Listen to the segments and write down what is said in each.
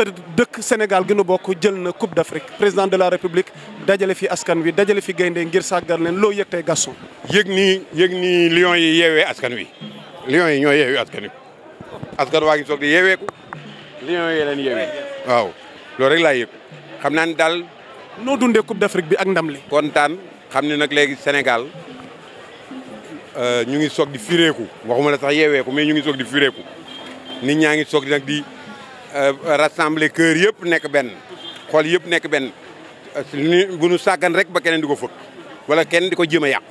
sa dëkk Sénégal gi nu bokk jël na Coupe d'Afrique président de la République dajale fi askan wi dajale fi gaynde ngir sàggar leen loo yëg tey Gaston. yëg nii yëg nii yi yeewee askan wi Lions yi ñoo yeewee askan wi askan waa ngi soog di yeeweeku Lions yi leen yeewee waaw loolu rek laa yëg xam naa ne daal. noo dundee Coupe d'Afrique bi ak ndam li. kontaan xam ne nag léegi Sénégal euh, ñu ngi soog di fireeku waxuma la sax yeeweeku mais ñu ngi soog di fireeku nit ñaa ngi soog di nag di. Euh, rassembler cœur yëpp nekk benn xol yëpp nekk benn bu nu sàggan rek ba keneen di ko fóot wala kenn di ko jéem a yàq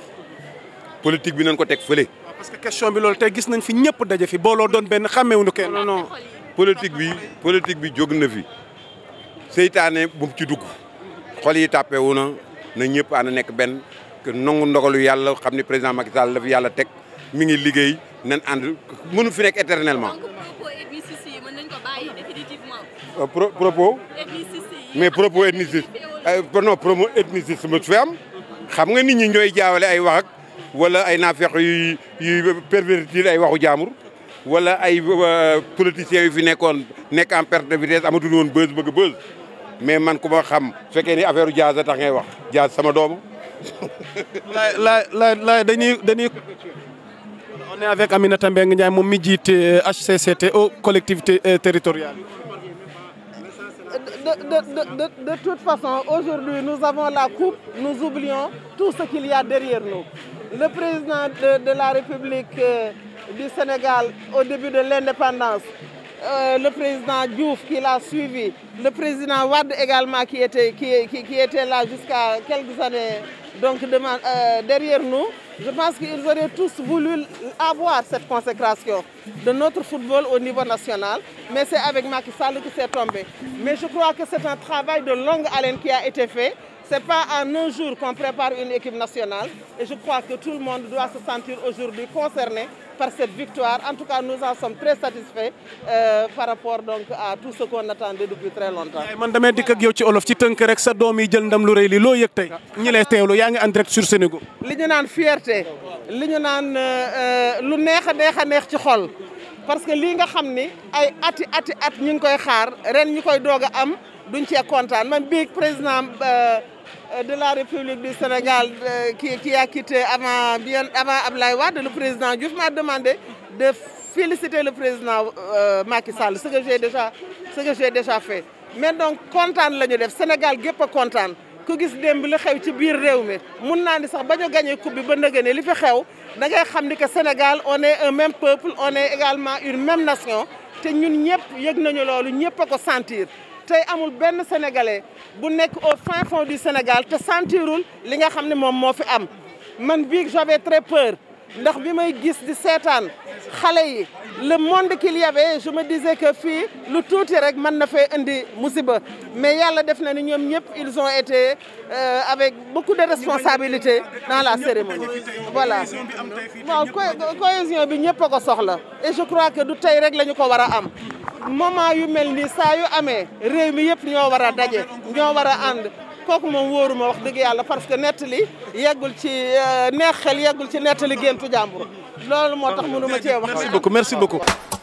politique bi nañ ko teg fële. Ah, parce que question bi loolu te gis nañ fi ñëpp daje fi booloo doon ben xàmmeewuñu kenn. non non politique bi politique bi jóg na fi seytaane bu mu ci dugg xol yi tàppewu na na ñëpp ànd nekk benn nangu ndogalu yàlla xam ne président Macky Sall la fi yàlla teg mi ngi liggéey nañ ànd mënu fi nekk éternellement. Euh, propos mais propos ethniciste euh, non promo ethniciste ma am xam nga nit ñi ñooy jaawale ay wax wala ay naafeq yu yu pervertir ay waxu jaamur wala ay euh, politiciens yu fi nekkoon nekk am perte de vitesse amatul woon buzz bëgg buzz mais man ku ma xam su fekkee ni affaire jaaz a tax ngay wax jaaz sama doomu. laay laay laay dañuy dañuy. on est avec Aminata Mbengue Ndiaye moom mi jiite HCCT aux collectivités territoriales. de, de, de, de toute façon, aujourd'hui, nous avons la coupe, nous oublions tout ce qu'il y a derrière nous. Le président de, la République euh, du Sénégal, au début de l'indépendance, euh, le président Diouf qui l'a suivi, le président wad également qui était, qui, qui, qui était là jusqu'à quelques années Donc euh, derrière nous, je pense qu'ils auraient tous voulu avoir cette consécration de notre football au niveau national, mais c'est avec Macky Sall qui s'est tombé. Mais je crois que c'est un travail de longue haleine qui a été fait. n'est pas en un jour qu'on prépare une équipe nationale. Et je crois que tout le monde doit se sentir aujourd'hui concerné par cette victoire. En tout cas, nous en sommes très satisfaits euh, par rapport donc, à tout ce qu'on attendait depuis très longtemps. Man damay dikk olof ci tënk rek sa doom jël ndam lu rëy loo yëg tey ñi lay yaa ngi en direct sur Sénégal. li ñu naan fierté li ñu naan euh, euh, lu neex a neex a neex ci xol parce que lii nga xam ni ay ati ati at ñu ngi koy xaar ren ñu koy doog a am duñ cee kontaan man bii président. Euh, Euh, de la République du Sénégal euh, qui, qui, a quitté avant, bien avant Ablaï le président Diouf m'a demandé de féliciter le président euh, Macky Sall, ce que j'ai déjà, ce que j'ai déjà fait. Mais donc, content de le Sénégal est content. ku gis démb li xew ci biir réew mi mun naa ni sax ba ñu gagné coupe ba ndëgë ne li fi xew da ngay xam ni que Sénégal on est un même peuple on est également une même nation te ñun ñëpp yëg nañu loolu ñëpp a ko sentir tey amul benn sénégalais bu nekk au fin fond du Sénégal te sentirul li nga xam ne moom moo fi am man bii j'avais très peur ndax bi may gis di seetaan xale yi le monde qu'il y avait je me disais que fii lu tuuti rek mën na fee indi musiba mais yàlla def na ni ñoom ñëpp ils ont été euh, avec beaucoup de responsabilité dans la cérémonie voilà waaw cohésion bi ñëpp a ko soxla et je crois que du tey rek la ñu ko war a am moment yu mel nii saa yu amee réew mi yëpp ñoo war a daje ñoo war a ànd kooku moom wóoruma wax dëgg yàlla parce que nettali yeggul ci euh, neex xel yeggul ci nettali géntu jàmbur loolu moo tax mënuma cee wax. merci beaucoup merci beaucoup.